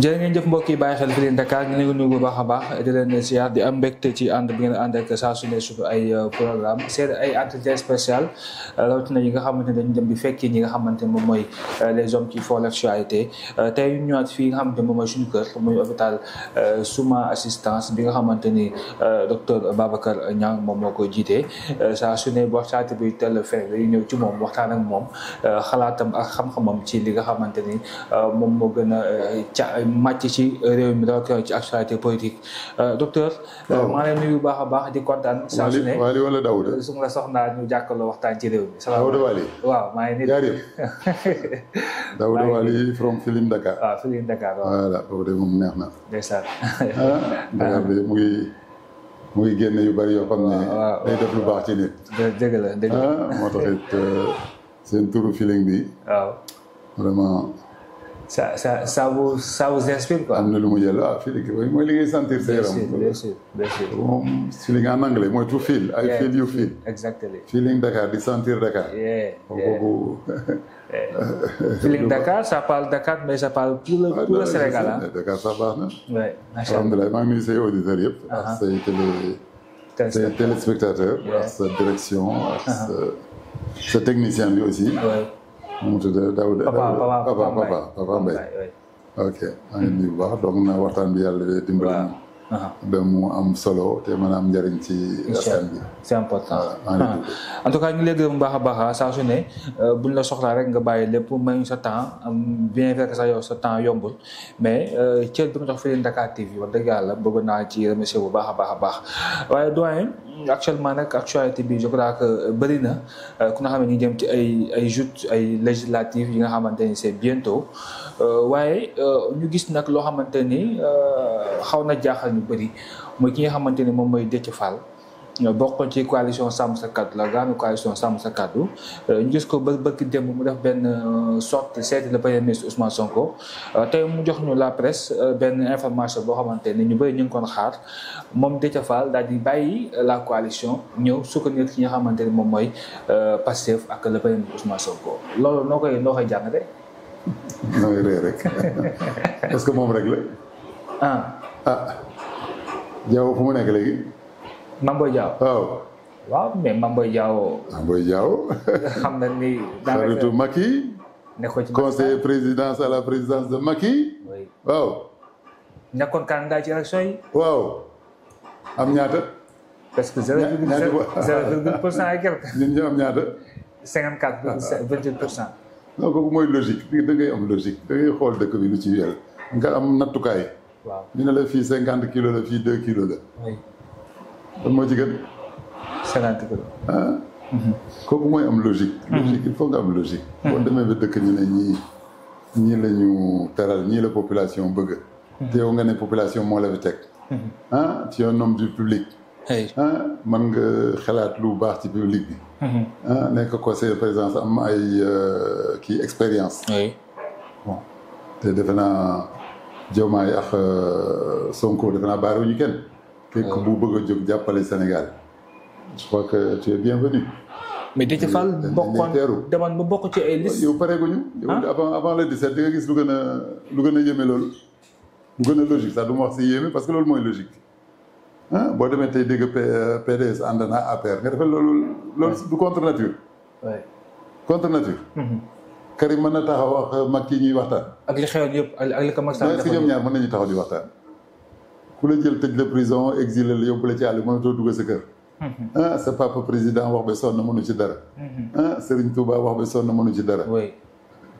jërë ngeen jëf mbokk yi bàyyi xel fi leen Dakar baax a baax di leen siyaar di am mbégte ci ànd bi ngeen ànd ak saa su ne suñu ay euh, yi euh, nga xamante ne dañu dem di fekki ñi nga xamante moom mooy euh, les hommes qui font l'actualité tey ñu ñëwaat fii nga xamante moom mooy suñu kër muy hôpital Souma assistance bi nga xamante ni docteur Babacar Niang moom moo ko jiitee saa su ne waxtaate bi tel fin ñëw ci moom waxtaan ak moom xalaatam ak xam-xamam ci li nga xamante ni moom moo gën a ca màcc ci réew mi donc ci actualité politique euh, docteur. Euh, maa leen nuyu bu baax a baax di kontaan. saa su ne Waly Waly wala Daouda. Euh, su ma la soxlaa ñu jàkkaarloo waxtaan ci réew mi. salaamaaleykum Daouda Waly. waaw maa ngi nii. Daouda Waly from Feeling Dakar. waaw ah, Feeling Dakar waaw. voilà boobu de moom neex na. ndeysaan. Ah, Dakar bi mu ngi mu ngi génne yu bari yoo xam ne. Ah, day def lu baax ci nit. dëgg la dëgg la moo tax it seen turu Feeling bi. waaw vraiment. ça ça ça vous ça vous inspire am na lu mu jël ah fii mooy li ngay sentir sa yaram. bien sûr anglais mooy to feel. I feel you feel. exactly feeling Dakar di sentir Dakar. yeah kooku. Eh. Eh. feeling Dakar ça parle Dakar alhamdulilah maa ngi nuyu say auditeurs yëpp. ak say télé. say sa direction ak ah, eh, sa technicien bi aussi. mu tudd Daouda Papa Papa ok maa ngi nuyu baax donc na waxtaan bi yàlla dimbali Uh-huh. ba mu am solo te mën a am ci askan bi c'est important en tout cas ñu ngi lay gërëm baax a baax ah, saa su ne euh, buñ la soxla rek nga bàyyi lépp mayuñ sa temps bien vrai que sax sa temps yombul mais euh, cër bi nga jox fii Dakar TV wax dëgg yàlla bëgg naa ci remercier bu baax a baax a baax waaye doyen actuellement nag actualité bi je crois que euh, bëri na ku nga xam ñu jëm ci ay ay joutes ay législatives yi nga xamante ni c'est bientôt Euh, waaye euh, ñu gis nag loo xamante ni euh, xaw na jaaxal ñu bëri mooy ki nga xamante ni moom mooy Déthié Fall bokkoon ci coalition Sàmm sa Kàddu la grande coalition Sàmm sa Kàddu ñu gis ko ba bëgg démb mu def benn sorte seeti le premier ministre Ousmane mu jox ñu la presse benn information boo xamante ni ñu bëri ñu ngi xaar moom Déthié Fall daal di bàyyi la coalition ñëw soutenir ki nga xamante ni moom mooy Pastef ak le premier ministre Sonko loolu noo koy noo koy jàngate nooy ree rek que moom rek la. ah ah. fu mu nekk léegi. Mame Boye waaw. waaw mais Mame Boye Diao. Mame xam na ni. daanaka xaritu Macky. nekkoon ci conseiller présidence à la présidence de Macky. oui waaw. nekkoon candidat ci élection yi. waaw. am ñaata. parce que zéro virgule zéro virgule pour cent et quelque. ñun ñu am ñaata. cinquante quatre vingt huit pour cent. donc kooku mooy logique bi da ngay am logique da xool dëkk bi lu ci yel nga am nattukaay. waaw ñu ne la fii cinquante kilos la fii deux kilos la. oui. moo ci gën. cinquante kilos. Ah. Mhm. kooku mooy am logique. Mhm. logique il faut nga am logique. Mhm. boo demee ba dëkk ñu ne ñii ñii lañu ñu teral ñii la population bëgg. te yow nga ne population moo la fi teg. ah ci un homme du Ah, man nga xalaat lu baax ci public bi mhm. ah nekk conseiller présidence am ay euh, kii expérience te defe naa Diomaye ak euh, Sonko defe naa baaru ñu kenn képp bu ah. bëgg a jóg jàppale Sénégal je crois que tu es bienvenu mais Déthié Fall bokkoon demoon ba bokk ci ay oh, liste yow pareeguñu yow ah. avant avant le 17 di nga gis lu gën a lu gën a yéeme loolu lu gën a sax du wax si yéeme parce que loolu mooy logique ah boo demee tey dégg PDS ànd naa APR nga defee loolu. loolu du contre nature. contre nature. Mm-hmm. Karim mën na taxaw wax mag kii ñuy waxtaan. ak li xew yëpp ak li ko mag. sax ñoom ñaar mën nañu taxaw di waxtaan. ku la jël tëj la prison exilé la yóbbu la ci àll mënatoo dugg sa kër. ah sa papa président wax ba sonn mënu ci dara. ah Serigne Touba wax ba sonn mënu ci dara.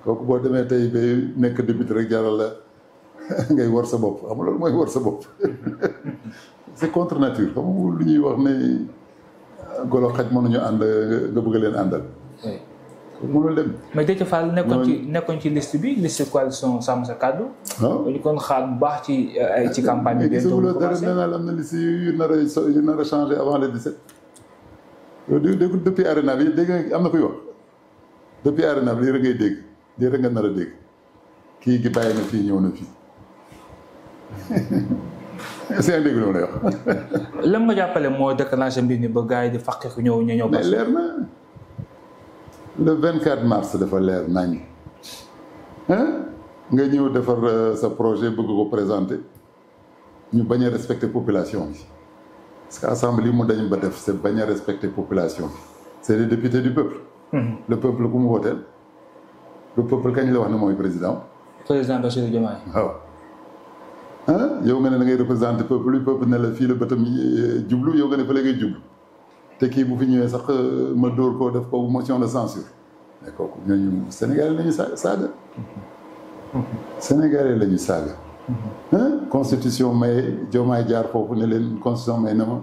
kooku boo demee tey ba nekk député rek jaral la ngay wor sa bopp xam loolu mooy wor sa bopp. c'est contre nature xam lu ñuy wax ne golo xaj mënuñu ànd nga bugg leen àndal. mënul dem. mais Déthié Fall nekkoon ci nekkoon ci liste bi liste coalition Sàmm Sa Kàddu. waaw ah. dañu kon xaar bu baax ci euh, ay ci campagne bi. gisaguloo dara nee naa la am na liste yu nar a yu nar a changé avant les 17. loolu euh, dégg bi dégg nga am na kuy wax depuis arena bi lii rek ngay dégg lii rek nga nar a dégg kii gi bàyyi na fii ñëw na fii. est-ce dégg lu ma lay wax. lan ma jàppale moo déclenché mbir mi ba gars yi di fàqe ku ñëw ñu ñëw. mais leer na le 24 mars dafa leer nañ nga ñëw defar euh, sa projet bëgg ko présenter ñu bañ a respecter population bi parce que assemblée yi mu dañ ba def c'est bañ a respecter population bi c'est les députés du peuple. Mhm. le peuple ku mu wooteel. le peuple kañ la wax ne mooy président. président Bassirou Diomaye waaw. yow nga ne da ngay représenté peuple bi peuple ne la fii la bëtam euh, jublu yow nga ne fa la jublu te kii bu fi ñëwee sax euh, ma dóor koo def ko motion de censure mais kooku ñooñu Sénégalais la ñu sa saaga Sénégalais la ñu saaga constitution may Diomaye jaar foofu ne leen constitution may na ma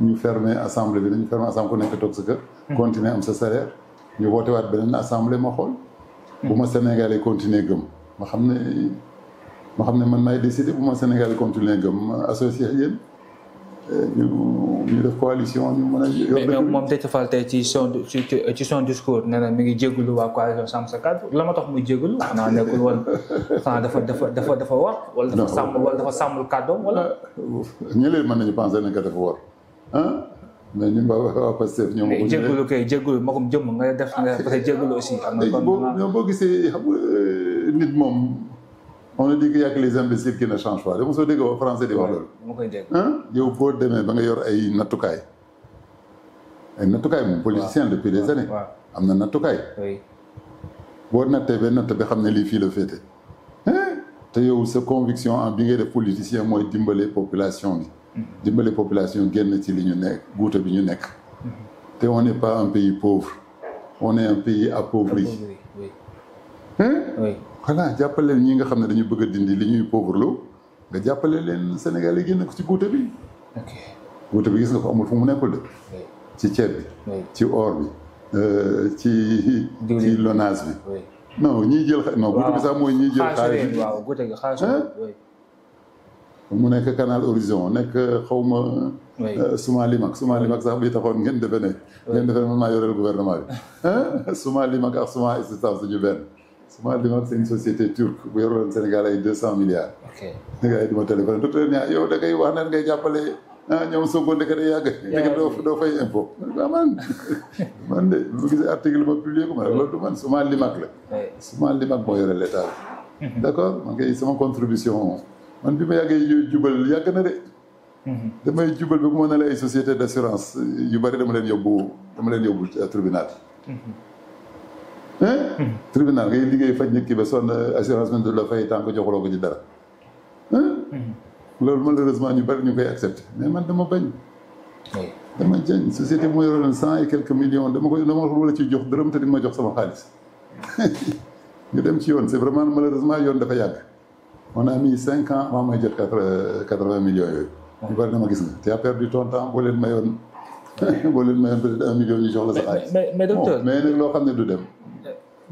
ñu fermer assemblée bi dañu ñu assemblée ku nekk toog sa kër am sa salaire ñu woote waat beneen assemblée ma xool bu ma Sénégalais continuer gëm ma xam ne moo xam ne man maay décidé bu ma Sénégal continuer gëm associé ak yéen ñu ñu def coalition ñu mën a. yor mais ci son ci son discours nee mi ngi jégalu waa coalition Sàmm Sa Kàddu la ma tax muy jégalu. xanaa nekkul woon xanaa dafa dafa dafa dafa war. wala dafa sàmm wala dafa sàmmul kàddoom wala. Ah, ñu leen mën nañu pensé ne que dafa war ah. mais ñun waa waa Pastef ñoom. mais jégalu kay jégalu ma ko jëm nga def nga def aussi. am boo gisee xam nga nit moom. on a dit qu'il y a que les imbéciles qui ne changent pas dama soo dégg waa français di wax loolu. yow boo demee ba nga yor ay nattukaay ay nattukaay moom. politicien depuis des années. am na nattukaay. boo nattee ba natt bi xam ne lii fii la féete. te yow sa conviction en bi ngay def politicien mooy dimbale population bi. Mm-hmm. dimbale population génn ci li ñu nekk guute bi ñu nekk. Mm-hmm. te on n'est pas un pays pauvre on est un pays appauvri. appauvri xanaa jàppaleel ñi nga xam ne dañu bëgg a dindi li ñuy pauvre nga jàppale leen Sénégal yi génn ko ci guute bi. ok bi gis nga ko amul fu mu nekkul de. ci ceeb bi. ci or bi. Euh, ci ci lonage bi. non ñiy jël no non guute bi sax mooy ñiy jël. xaalis bi waaw guute gi xaalis mu nekk canal horizon nekk euh, xaw ma. Euh, Somalimak Somalimak sax bi taxoon ngeen defe ne. ngeen defe ne man maa yoreel gouvernement bi. Somalimak ak Somal Assistance suñu benn. moi devant c'est une société turque bu yoroon Sénégal ay deux cent milliards. ok ay duma téléphone docteur Niang yow da ngay wax nan ngay jàppale ah ñoom Sonko ndeke day yàgg. ndeke ah, ma publié ko ma loolu la. suma limak moo yore l'état mhm. d' accord man kay contribution man bi ma yàggee jubal yàgg na de. Mhm. damay jubal bi ku ma ne la ay société d' assurance yu bari dama leen yóbbu dama leen yóbbu tribunal. Mhm. tribunal ngay liggéey faj nit ki ba sonn assurance man du la fay tant que joxuloo ko ci dara loolu malheureusement ñu bari ñu koy accepté mais man dama bañ dama jañ société bu ma yoroon cent et quelques millions dama koy dama wala ci jox dërëm te ma jox sama xaalis ñu dem ci yoon c'est vraiment malheureusement yoon dafa yàgg on a mis cinq ans avant may jot quatre quatre vingt millions gis nga tu as perdu ton temps boo ñu jox la sa xaalis mais mais loo xam ne du dem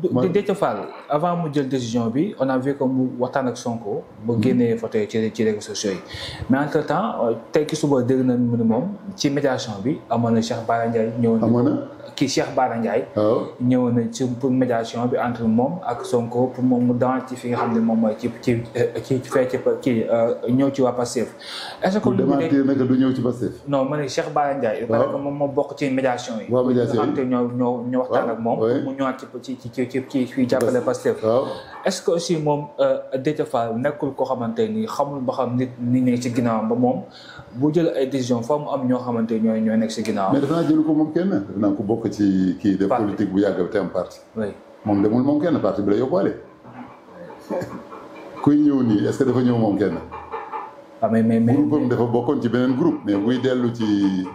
Déthié Fall avant mu jël décision bi on a vu que mu waxtaan ak Sonko. ba mm-hmm. génnee photo yi ci ci réseaux sociaux yi. mais entre temps euh, tey ki suba dégg nañu ne moom ci médiation bi amoon na Cheikh Bara Ndiaye ñëw na. kii Cheikh Bara Ndiaye. Oh. ñëw na ci pour médiation bi entre moom ak Sonko pour moom mu dans ci fi nga xam ne moom mooy ci ci ci fecc kii euh, ñëw ci waa Pastef. est-ce que lu du ñëw ci Pastef. non ma ne Cheikh Bara Ndiaye. parce oh. que moom moo bokk ci médiation yi. waaw médiation yi nga xam te ñoo ñoo ñoo waxtaan ak oh, moom. mu ñëwaat ci ci ci ci ci ci jàppale Pastef. est-ce que aussi moom euh, Déthié Fall nekkul koo xamante ni xamul ba xam nit ñi nekk ci ginnaawam ba moom bu jël ay décision fa mu am ñoo xamante ñooy ñooy nekk ci ginnaawam. mais dafa naa jël ko moom kenn dafa naa ko bokk ci kii def politique bu yàgg te am parti moom demul moom kenn parti bi la yóbbaale kuy ñëw nii est dafa ñëw moom kenn ah, mais dafa bokkoon ci beneen groupe mais buy dellu ci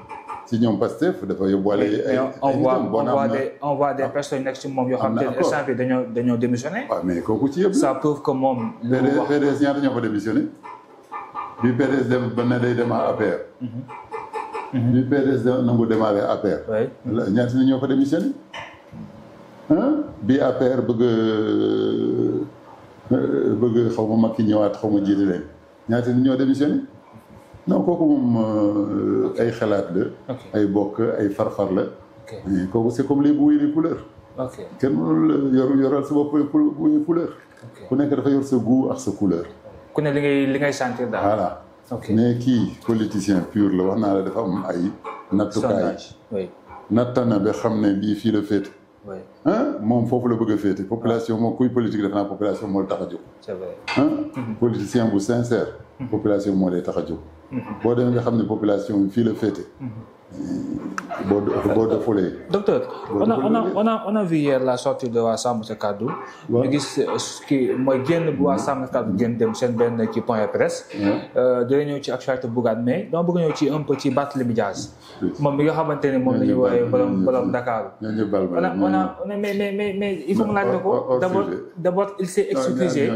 ci ñoom Pastef dafa yóbbuwaale ay on voit on voit des ah. personnes nekk ci moom yoo xam te instant bi dañoo dañoo démissionné waaw ah, mais kooku ci yëpp ça prouve que moom PDS ñaata ñoo fa démissionné bi PDS dem ba ne day dem à APR mhm. Mhm. bi PDS nangu démarré APR. ñaata nit ñoo fa démissionné. bi APR bëgg euh, euh, bëgg xaw ma ki ñëwaat xaw ma jiite leen ñaata nit ñoo démissionné. non kooku moom euh, ay xalaat la. ay bokk ay farfar la. kooku c'est comme les bu et les couleurs. ok kenn mënul yor yoral sa bopp couleur. ku nekk dafa yor sa goût ak sa couleur. ku ne li ngay li daal. ne kii politicien pur la wax naa la dafa am ay nattukaay natta na bi xam ne lii fii la féete ah moom foofu la bëgg a féete population moom kuy politique def naa population moo la tax a jóg c'est vrai ah politicien bu sincère population moo lay tax a jóg mhm. boo demee nga xam ne population fii la féete mhm. Bon, bon Docteur, on a, on, a, on, a, on a vu hier la sortie de Wassam Kadou. Nous avons vu Wassam Kadou euh, qui point de presse. De l'union qui actuelle de Bougad, mais nous avons eu un petit battle médias. Mon meilleur avantage, mon meilleur bonhomme Dakar. On a, on a, mais, mais, mais, mais, il faut me l'aider. D'abord, d'abord, il s'est excusé.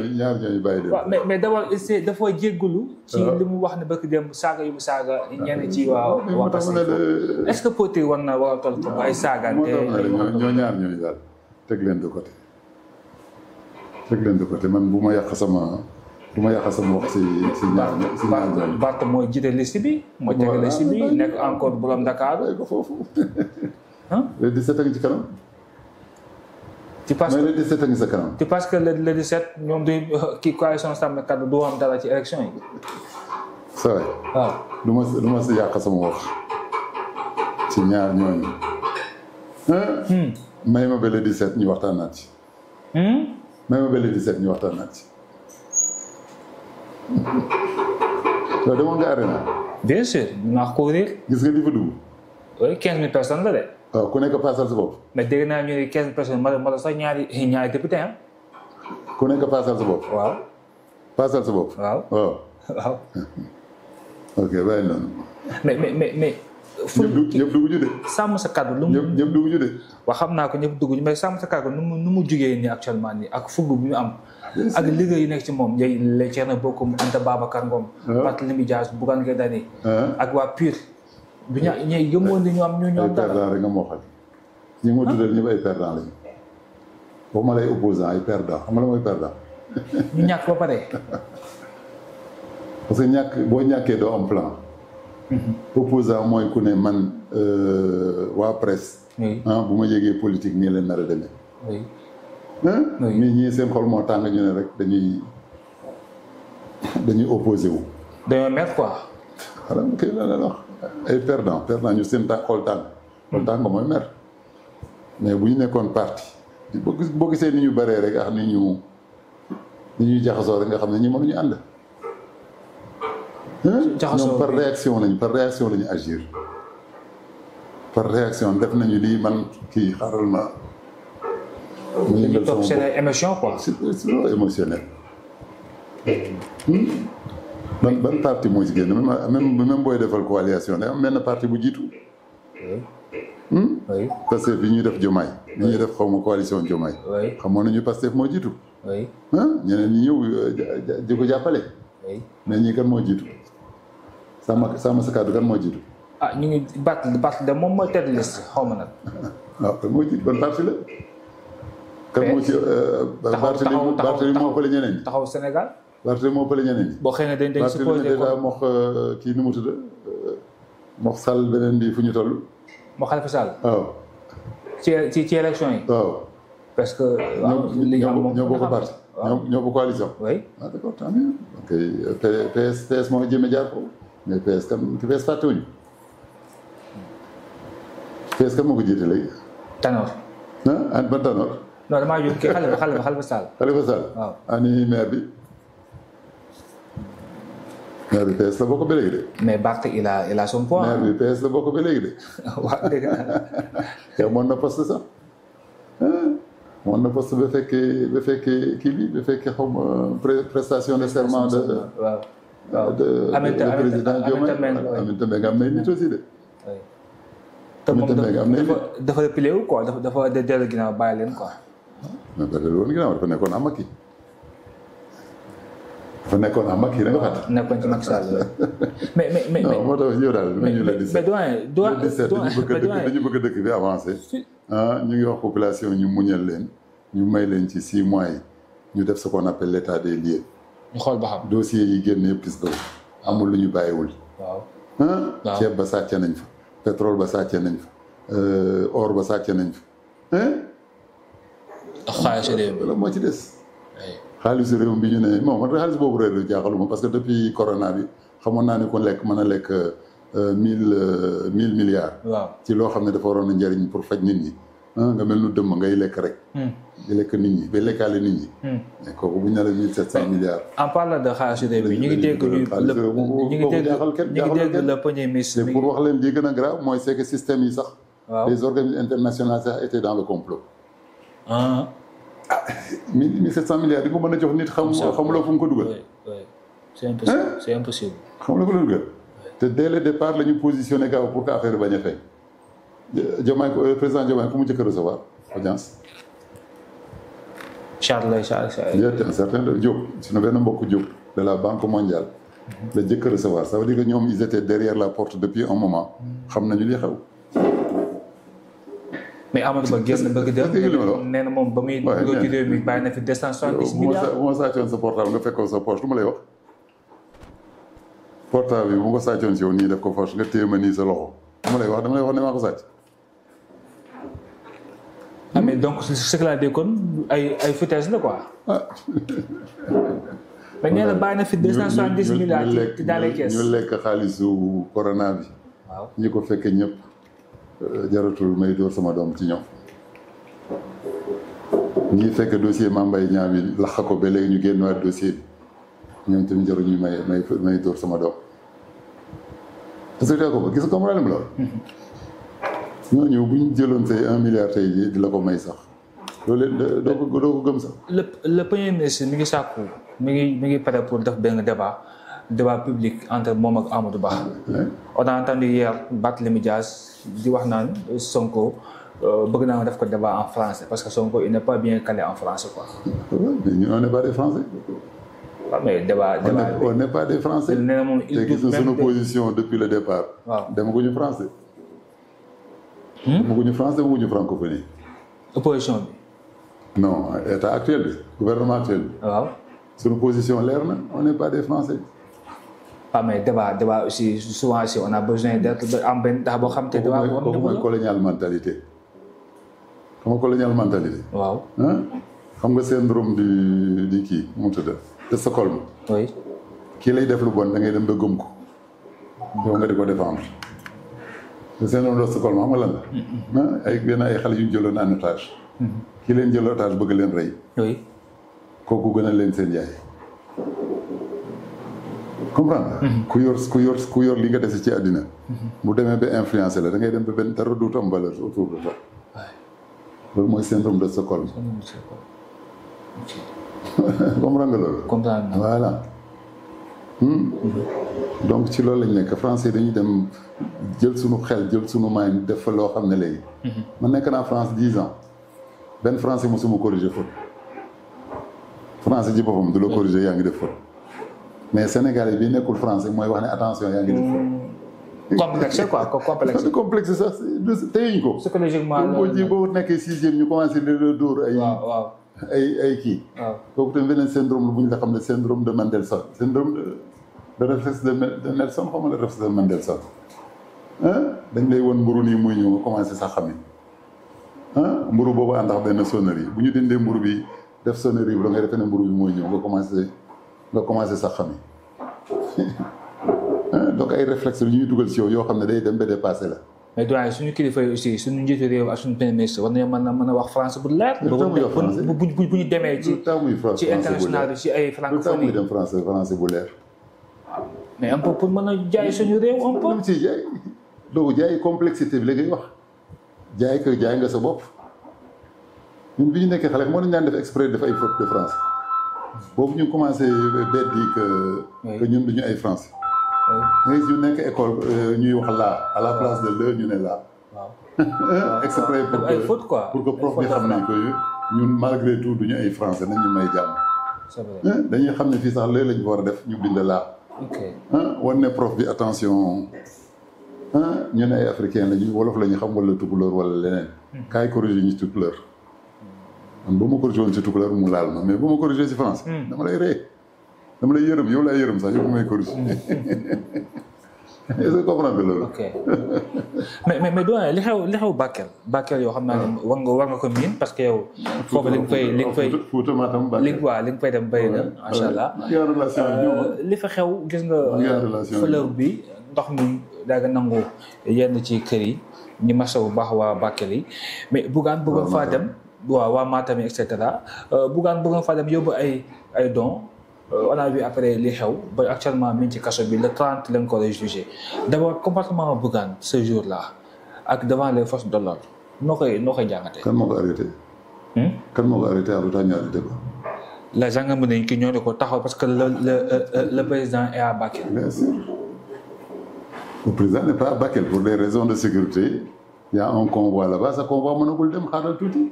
Mais, mais d'abord, il s'est, d'abord, il s'est goulou. Qui le mouah ne peut que des sagas, il saga, il y a qui est-ce que Poté war na war a toll ay saagaante ñoo ñaar ñooñu daal teg leen de côté teg leen de côté man bu ma yàq sama du ma yàq sama wax si si ñaar si ñaar ñooñu Bart mooy jiite liste bi mooy teg liste bi nekk encore borom Dakar ko foofu le 17 a ngi ci kanam tu penses que le 17 a ngi sa kanam tu penses que le 17 ñoom du kii coalition Sàmm Kàddu du am dara ci élection yi c'est vrai waaw du ma si du ma si yàq sama wax ci ñaar ñooñu. may ma ba ñu waxtaan naa ci. may ma ba ñu waxtaan naa ci. yow demoon nga arena. bien sûr naa courir. gis nga di fa dugg. oui 15000 personnes la de. waaw ku nekk paasal sa bopp. mais dégg naa ñu ne 15 personnes ma ma sax ñaari ñaari député ah. ku nekk paasal sa bopp. waaw. paasal sa bopp. waaw ok bàyyi noonu. mais mais mais. fu ñëpp dugg de. sàmm sa kàddu lu mu xam naa ko ñëpp dugg ñu sàmm sa kàddu nu mu nu mu jugee nii actuellement nii ak fugg bu ñu am. Ah, ak liggéey yu nekk ci moom njëy le Thierno Bocoum Anta Babacar Ngom. Ah. Barthélémy Dias Bougane Gueye Dany ah. ak bu ñu ñooy yëngoon ni ñu am ñoo ñu am dara ay rek nga moo xam. ñi ma tuddee ñëpp ay perdants lañu. boo ma lay opposant ay perdants xam la mooy perdant. ñu ñàkk ba pare. parce que ñàkk boo ñàkkee doo am plan. Mhm. opposant mooy ku ne man euh, waa presse. Ah, bu ma jegee politique nii leen nar a demee. oui. ñii ñii seen xol moo tàng ñu ne rek dañuy dañuy opposé wu. dañoo mer quoi. xanaa kii la leen wax ay perdant ñu seen ta xol tàng. xol tàng mooy mer mais bu ñu nekkoon parti boo gisee ni ñu bëree rek nga xam ne ñu ni ñuy jaxasoo rek nga xam ne ñi ñu ànd. ñoom par réaction lañ par réaction lañu agir par réaction def nañu lii man kii xaaral ma. ñu ngi toog seen ay émotion quoi. c'est émotionnel. Hmm? ban parti moo si génn même booy defal coalition day menn parti bu jiitu. Hmm? parce que ñuy def Diomaye. bi ñuy def xaw ma coalition Diomaye. xamoon nañu Pastef moo jiitu. ñeneen ñi ñëw euh, di jàppale. mais ñii kan moo jiitu. sama sama sa kàddu kan moo jiitu. ah ñu ngi Barth Barth de moom moo tête liste xaw ma nag. waaw ah, kan moo jiitu ban parti la. kan moo ci euh, taxaw Sénégal. Barthélemy moo fële ñeneen. boo xëy na dañ dañ supposé ko déjà mox euh, kii nu mu tudd euh, mox Sall beneen bii fu ñu toll. moo Khalifa Sall. waaw. ci ci ci yi. waaw. parce que. li ñu am moom ñoo bokk coalition. oui ah d'accord moo jëmee jaar ko. mais PS kam PS fàttewuñu PS kam moo ko jiite léegi. Tanor. ah an ban Tanor. non damaa kii Khalifa Khalifa Khalifa Sall. Khalifa Sall. waaw ani maire bi. maire bi PS la bokk ba léegi de. mais Barth il a il bi PS la bokk ba léegi de. waaw dégg na poste sax mën na poste ba fekkee ba fekkee kii bi ba fekkee xaw prestation de serment de. waaw. waaw Aminata Aminata Aminata Mbengue am nay nit aussi de. Aminata Mbengue am nay nit te dafa replié wu quoi dafa dafa dellu ginnaaw bàyyi leen quoi. mais ba dellu woon ginnaaw dafa nekkoon am ak kii. dafa nekkoon a ak kii da nga fàttali. nekkoon ci Macky Sall mais mais mais moo tax yow daal ñu la. mais doyen doyen bëgg dëkk bi avancé. Ah, ñu ngi wax population ñu muñal leen ñu may leen ci six mois yi ñu def ce qu'on appelle l'état des lieux. ñu ba xam dossier yi génn yëpp gis nga amul lu ñu bàyyiwul. waaw ah ceeb ba sàcce nañ fa pétrole ba sàcce nañ fa euh, or ba sàcce nañ fa. ak xaalisu réew mi la moo ci des. xaalisu réew bi ñu ne moom man xaalis boobu réew mi jaaxaluma parce que depuis corona bi xamoon naa ne ko lekk mën a lekk euh, mille euh, mille milliards. waaw ci loo xam ne dafa waroon a njëriñ pour faj nit ñi. Ah, nga mel nu dëmm ngay lekk rek. Hmm. di lekk nit ñi ba lekkaale nit ñi. Hmm. mais kooku bu ñu naan mille sept cent milliards. en parlant de wax leen li gën a grave mooy c'est que système yi sax. waaw les organismes internationaux sax étaient dans le complot. ah. ah mille sept cent milliards di ko mën a jox nit xam xamuloo fu ko dugal. oui c'est impossible c'est xamuloo fu mu ko te dès le départ la ñu positionné gaaw pour que affaire bañ a feeñ. Diomaye eh, président Diomaye ku mu njëkk a recevoir audience. Charles Charles Charles. un certain Diop na benn mbokk Diop de la Banque mondiale. la jëkk a recevoir ça veut dire que ñoom ils étaient derrière la porte depuis un moment. Mhm. xam nañu li xew. mais Amadou Ba génn bëgg def nee na moom ba nee na réew mi bàyyi na fi deux cent bu ma sàccoon sa portable nga fekkoon sa poche lu ma lay wax. portable bi bu ma ko sàccoon si yow nii def ko poche nga téye ma nii sa loxo lu ma lay wax dama lay wax ne maa ko sàcc. ah donc ce que laa kon ay ay la quoi. da a bàyyi na fi deux cent soixante dix milliards ci dans les ñu lekk xaalisu corona bi. waaw ko fekkee ñëpp euh, jaratul may dóor sama doom ci ñoom. ñi fekk dossier Mame Mbaye Niang bi lax ko ba léegi ñu génn waat dossier bi ñoom tamit jaruñu may may may dóor sama doom. parce que ko gis nga problème la. ñooñu bu ñu jëloon say un milliard tey jii di la ko may sax loolu doo ko gëm sax. le le premier ministre mi ngi sàkku mi ngi mi ngi pare pour def benn débat débat public entre moom ak Amadou Ba. on a entendu hier Barthélémy Dias di wax naan Sonko euh, bëgg naa def ko débat en français parce que Sonko il n'est pas bien calé en français quoi. mais a on n'est pas des français. demaguñu hmm? France demaguñu francophonie. opposition bi. non état actuel bi gouvernement actuel bi. waaw suñu leer na on n'est pas des français. ah a besoin d'être am benn ndax boo xam te. débat boo xam mooy colonial mentalité. xam nga colonial mentalité. waaw xam nga syndrome du di kii mu tudd de Stockholm. oui. kii lay def lu bon da ngay dem ba ko. yow nga di ko défendre. te seen oon rostocol ah, ay benn ay xale yu ñu jëloon en otage mm-hmm. leen jël otage bëgg leen rey gën a leen seen yaay comprendre mm-hmm. ku yor ku yor ku yor li nga def dese ci àddina bu mm-hmm. demee ba influencé la da ngay dem ba benn dara duutam valeur autour de toi loolu mooy syndrome de Stockholm comprendre loolu comprendre voilà Hmm? donc ci loolu lañu nekk français dañuy dem jël suñu xel jël suñu mind def fa loo xam ne léegi. Mhm. man nekk naa France dix ans benn français mosuma corriger faute. français ji boppam du la corriger yaa ngi def faute mais sénégalais bi nekkul français mooy wax ne attention yaa ngi def faute. Hmm. complexe quoi complexe. complexe sax teyuñ ko. psychologiquement boo ji boo nekkee sixième ñu commencé di la dóor ay. waaw waaw ay ay kii. waaw kooku tamit beneen syndrome la bu ñu la xam ne syndrome de Mendelssohn le réflexe de de Nelson xaw ma dañ lay won mburu nii muy ñëw nga commencé sax xam ni mburu boobu ànd ak benn sonnerie bu ñu dindee mburu bi def sonnerie bi da ngay defee mburu bi mooy ñëw nga commencé nga commencé sax xam donc ay réflexe yu ñuy dugal si yow yoo xam ne day dem ba dépassé la. mais doyen suñu kilifa yi aussi suñu njiitu réew ak suñu premier ministre war nañoo mën a wax français bu leer. bu bu bu ñu ci. ci international bi ci ay francophonie lu tax muy dem français français bu leer. mais am po pour mën a jaay suñu réew am po. jaay donc jaay complexité bi la ngay wax jaay ko jaay nga sa bopp ñu bi nekkee xale moo nañ daan def exprès def ay faute de français boobu ñu commencé bett yi que. que ñun ay français. oui ñu nekk école euh, ñuy wax laa à place de le ñu ne laa. waaw exprès pour que faute pour que prof bi nañ ko ñun malgré tout duñu ay français nañ ñu may jàmm. dañuy xam ne fii sax léeg lañ war a def ñu bind laa. ah wan ne prof bi attention ah ñun ay africain la wolof la ñu xam wala tukulóor wala leneen. Hmm. kaay corrigé ñu ci tukulóor. man ba ma corrigé woon ci tukulóor mu laal ma mais ba ma corrigé ci France. Hmm. dama lay ree dama lay yërëm yow lay yërëm sax yow may corrigé. Hmm. est ce que mais mais mais li xew li bakkel Bakel. yoo xam na ah. war nga war nga ko miin parce que yow. foofu li nga fay li nga fay Fouta Matam Bakel. waaw li nga fay dem béy na macha allah. Euh, li fa xew gis nga. Euh, fleur bi ndox mi daa nga nangu yenn ci kër yi ñu masawu baax waa Bakel yi mais Bougane bëggoon faa dem. waaw waa Matam et cetera euh, Bougane bëggoon dem yóbbu ay ay Euh, on a vu après li xew ba actuellement mi ci kaso bi le trente lañ ko lay jugé d' abord comportement Bougane ce jour là ak devant les forces de l'ordre noo koy noo koy kan moo ko arrêté. Hmm? kan moo ko arrêté ak lu tax ñu arrêté ko. la gendarmerie nañ ki ñoo ne ko taxaw parce que le le euh, euh, le président est à Bakel. bien sûr le président n'est pas à Bakel pour des raisons de sécurité il y a un convoi là-bas sa convoi mënagul dem xaaral tuuti.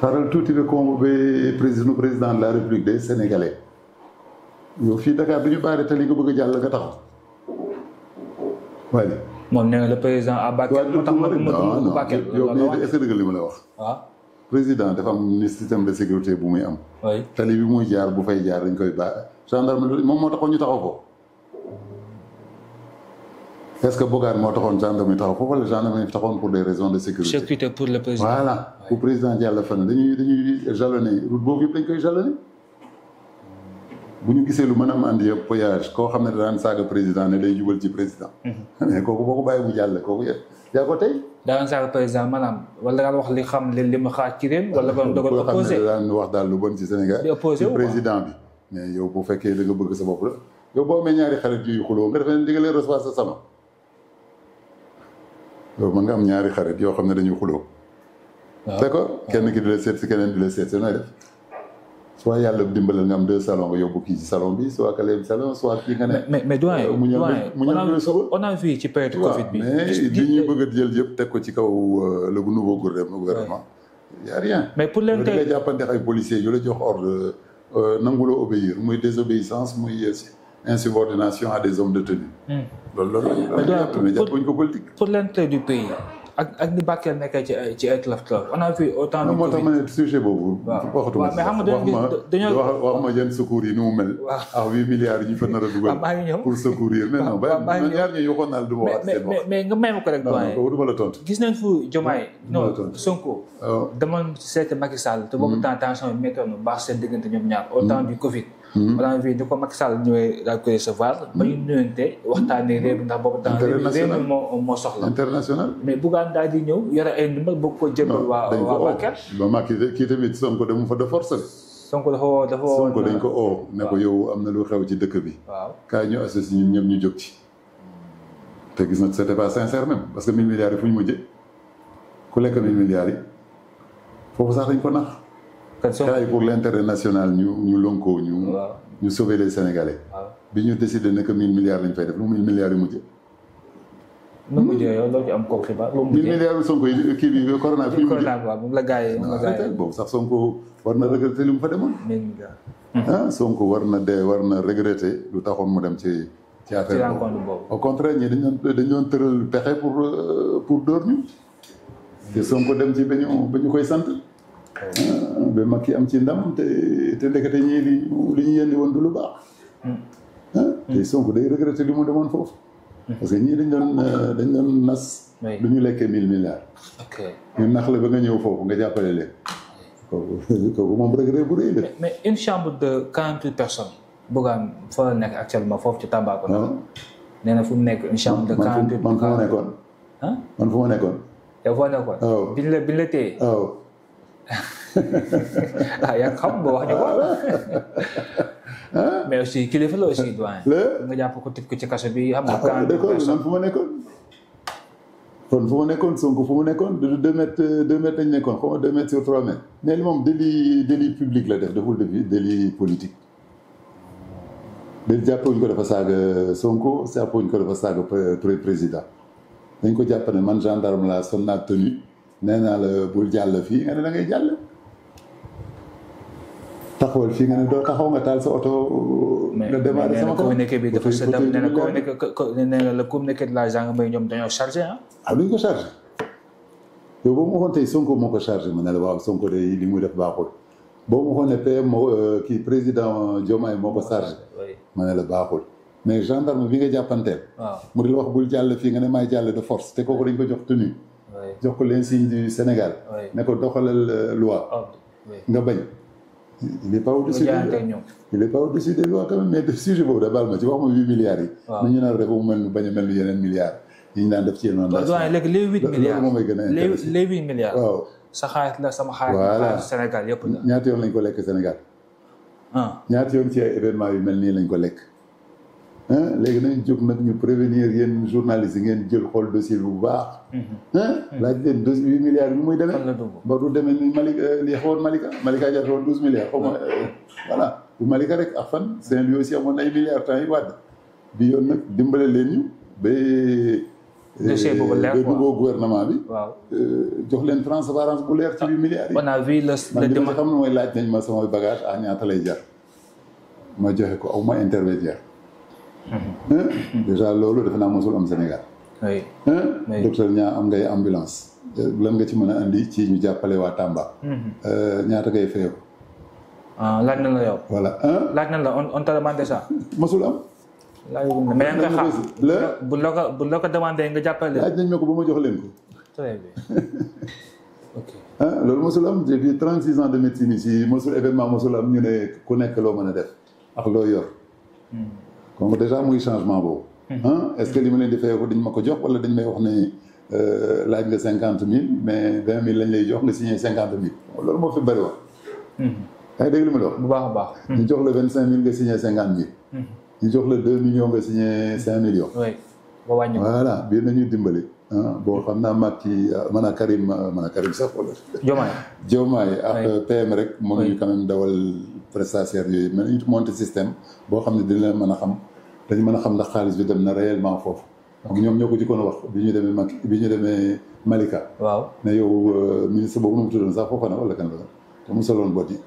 xaaral tuuti nga convoqué président président de la république des sénégalais yow fii Dakar bi ñu baare tali nga bëgg a jàll nga taxaw waaye. moom nee na le président à Bakel moo tax ma dugg Bakel yow mii est-ce que dëgg li ma la wax. waaw ah. président dafa am ni système de sécurité bu muy am. tali bi muy jaar bu fay jaar lañ koy baax gendarme moom moo taxoon ñu taxaw ko. est-ce que Bougane moo taxoon gendarmerie taxaw foofu la gendarmerie taxoon pour des raisons fan dañuy dañuy jalonné boobu yëpp bu ñu gisee lu mën a am andi yëpp voyage koo xam ne daan saaga président ne day jubal ci président. Mhm. kooku boo ko bàyyi mu jàll kooku yëpp yaa ko tey. daan saaga président maanaam wala daan wax li xam li ma xaar ci réew. wala ba mu wax daal lu bon ci Sénégal. di opposé président bi. mais yow bu fekkee da bëgg sa bopp la yow boo amee ñaari xarit yuy xuloo nga defee ne di nga yow mën nga am ñaari xarit yoo xam ne dañuy xuloo ah. d'accord kenn ki di la seet si keneen di la seet si nooy def soit yàlla dimbalal nga am deux salons nga yóbbu kii ci salon bi soit kale bi salon soit kii nga ne. mais mais doyen euh, doyen mu on ñuy bëgg a jël yëpp teg ko ci kaw euh, le nouveau gouvernement. y a rien. mais pour leen tey jàppante ay policier yu la jox ordre euh, nanguloo obéir muy désobéissance muy. insubordination à des hommes de tenue. Hmm. loolu loolu la mais jàppuñ ko politique. pour l'intérêt du a moo tax ma ne sujet boobu. waxatuma mais xam nga dañoo wax ma wax ma yenn secours yi ni mu mel. waaw milliards yi ñu fa nar a dugal. pour secourir mais non ba ñaar ñi waxoon naa la du ma wax seen wax. mais nga may ma ko rek doyen non duma la tontu. gis nañ fu oh. te boobu mm-hmm. tension yi baax seen diggante ñoom ñaar. balaa fii ni ko Macky Sall ñëwee daal ko recevoir ba ñu nuyante waxtaanee réew mi ndax boobu temps réew mi moo moo soxla international mais Bougane daal di ñëw yore ay ndimbal bëgg ko jëmbal waa waa waa kër tamit Sonko demu fa de force Sonko Sonko dañ ko oo ne yow am na lu xew ci dëkk bi waaw ñu associé ñun ñëpp ñu jóg ci te gis na c'était pas sincère même parce que mille milliards yi fu ñu mujjee ku lekk mille milliards yi foofu sax dañ ko personne kaay pour l' intérêt national ñu ñu lonkoo ñu. ñu sauver les sénégalais. bi ñu décidé ne que 1000 milliards lañ fay def lu 1000 milliards yu mujjee. nu mujjee yow loo ci am kooku war na regretter li mu fa demoon. Sonko war na dee war na regretter lu taxoon mu dem ci. ci affaire boobu au contraire ñi dañu doon dañu doon tëral pexe pour pour dóor ñu. te dem ci ba ñu ba ñu koy sant. ba mag yi am ci ndam te te ndekete ñii li li ñu yéene woon du lu baax. Hmm. Ah, te hmm. Sonko day regretté li mu demoon foofu. Hmm. parce que ñii dañ doon euh, dañ doon nas. lu ñu lekkee mille milliards. ok nax la ba nga ñëw foofu nga jàppale le kooku kooku moom regret bu rëy la. mais une chambre de quarante huit personnes. Bougane fa la nekk actuellement foofu ci Tambacounda. Ah. nee na fu nekk une chambre de quarante huit. man fu ma nekkoon. man fu ma nekkoon. Ah. bi la bi la téye. ah yaa xam nga wax ñu ko. mais aussi kilifa la aussi doyen. nga jàpp ko tëj ko ci kaso bi xam nga. ah d'accord man fu ma nekkoon. kon fu ma nekkoon Sonko fu ma nekkoon de deux mètres deux mètres lañ nekkoon xaw ma deux mètres sur trois mètres. mais moom délit délit public la def deful délit politique. déet jàppuñ ko dafa saaga Sonko jàppuñ ko dafa saaga pré président dañ ko jàpp ne man gendarme laa son naa tenue nee naa la bul jàll fii nga ne da jàll. taxawal fii nga ne doo taxaw nga taal sa oto. nga démarrer sama kaw mais mais nee na communiqué bi dafa sedda nee na communiqué nee na le communiqué de la gendarmerie ñoom dañoo chargé ah. ah duñ ko chargé yow boo ko chargé ma ne la waaw Sonko de li def baaxul boo ma waxoon moo euh, kii président Diomaye moo ko ma ne la baaxul. mais gendarme bi nga jàppanteel. waaw mu di la wax bul jàll fii nga ne maay jàll de force te kooku dañ ko jox tenue. jox ko l'insigne du Sénégal. ne ko doxalal euh, loi. nga bañ. il mais def sujet boobu da ma ci wax ma ñu naan rek mu mel bañ mel ni yeneen milliards ñu naan def ci yeneen doyen léegi les huit milliards moom ay a les huit milliards waaw sa xaalis la sama xaalis voilà Sénégal yëpp ñaata yoon lañ ko lekk Sénégal ah. ñaata yoon ci événement yu mel nii lañ ko lekk léegi nañu jóg nag ñu prévenir yéen journalistes yi ngeen jël xool dossier bi bu baax. Mhm. Mhm. laaj leen dossier huit milliards bi muy demee. ba du demee ni Malick euh, li xewoon Malika Malika jaar xewoon douze milliards. xaw ma euh, voilà bu Malika rek fan Saint-Louis aussi ay milliards temps yi wàdd yoon nag dimbale leen ñu ba. Euh, dossier boobu leer quoi jox leen transparence bu leer ci ah, huit milliards yi. on a vu le le démon man mooy laaj nañ ma samay bagage ah ñaata lay jar ma joxe ko aw ma intermédiaire. déjà loolu defe naa mosul am Sénégal. oui ñaa am ngay ambulance. lan nga ci mën a indi ci ñu jàppale waa Tamba. Mhm. Euh, ñaata ngay fayoo. Ah, laaj na la yow. voilà laaj na la on on bu la bu la ko demandé nga jàppale. laaj ba ma jox leen ko. très bien ok. loolu mosul ans de médecine ici mosul événement mosul am ñu ne ku nekk loo mën a def ak loo yor. Hmm. donc déjà muy changement boobu. ah est-ce que li ma leen di fayoo dañ ma ko jox wala dañ may wax ne euh, laaj nga cinquante mille mais vingt mille lañ lay jox nga signé cinquante mille loolu moo fi bëri mhm. la la vingt cinq mille nga signé cinquante mille. Mhm. ñu jox la deux millions nga signé cinq millions. oui ba wàññi voilà biir nañu dimbali. boo xam naa mag ci euh, man a Karim euh, man a Karim sax wala. Diomaye Diomaye ak PM rek. mënuñu quand même dawal. prestataires yooyu mais ñu monté système boo xam ne dina leen mën a xam dañu mën a xam ndax xaalis bi dem na réellement foofu. donc ñoom ñoo ko jëkkoon wax bi ñu demee ñu demee Malika. waaw ne yow euh, ministre boobu nu mu tuddoon sax foofa na wala kan la te mu soloon boot yi.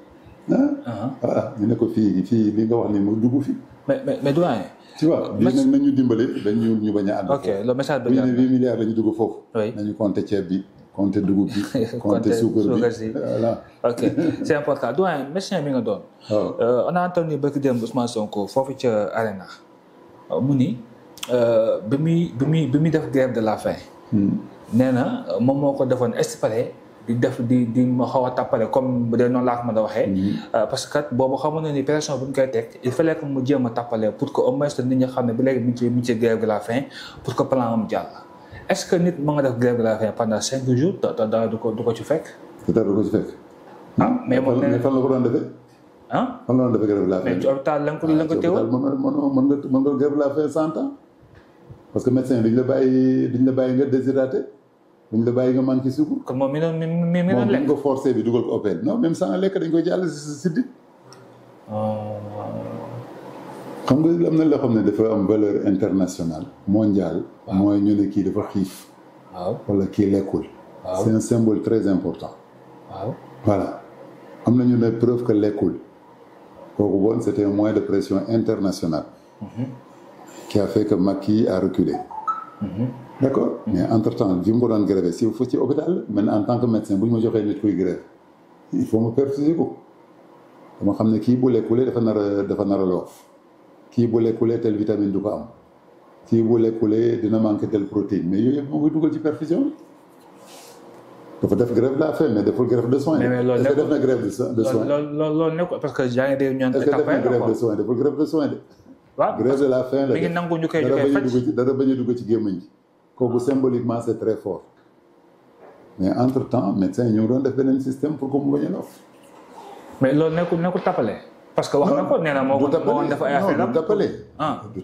Ah? Uh-huh. Ah, ah ñu ne ko fii fii li nga wax ni mu dugg fi mais mais mais doyen. tu vois bii nag nañu dimbali dañ ñu bañ a. ànd ok bu ñu ne huit milliards la dugg foofu. nañu compter ceeb bi. compter dugub bi. compter suukar bi eh, voilà. ok c' est important doyen médecin bi nga doon. on a entendu bëgg démb Ousmane Sonko foofu ca Arena. Euh, mu ni euh, bi muy bi muy bi muy def grève de la faim. Hmm. nee na moom moo ko defoon exprès di def di di ma xaw a tàppale comme bu dee noonu laa ko mën a waxee. Hmm. Euh, parce que kat boobu xamoon na ni pression bu ñu koy teg il fallait que mu jéem a tàppale pour que au moins nit ñi xam ne bi léegi mu ngi ci mu ngi ci de la faim pour que plan am jàll. est-ce que nit mu nga def grève de la jours te dara du ko ci fekk. Ah, mais moom nee na fan la ko doon defee. ah fan la doon defee grève cent ans. parce que médecin duñ la bàyyi duñ la bàyyi nga déshydraté duñ la bàyyi nga manqué sucre. kon moom mi doon lekk moom bi ñu lekk dañ koy jàll si si xam nga am na loo xam ne dafa am valeur international mondial mooy ñu ne kii dafa xiif waaw wala kii lekkul c'est un symbole très important waaw voilà am na ñu ne preuve que lekkul kooku bon c'était un moyen de pression internationale mhm. qui a fait que Macky a reculé mhm. d'accord mhm. mais entre temps bi mu ko doon grève si fa ci hôpital maintenant en tant que médecin bu ñu ma joxee nit kuy grève il faut ma perfuser ko dama xam ne kii bu lekkulee dafa nar dafa nar loof kii bu lekkulee tel vitamine du ko am kii bu lekkulee dina manqué tel protéine mais yooyu yëpp moo dugal ci perfusion bi dafa def grève de la faim mais deful grève de soins. mais mais loolu def na grève de soins. loolu loolu nekkul parce deful grève de soins de. waaw de la faim la de mi ngi dugg ci gémmiñ ji kooku symboliquement c'est très fort mais entre temps médecin ñu ngi doon def beneen système pour que mu bañ a mais loolu nekkul nekkul tapale. parce que wax na ko nee na moo ko woon dafa ay du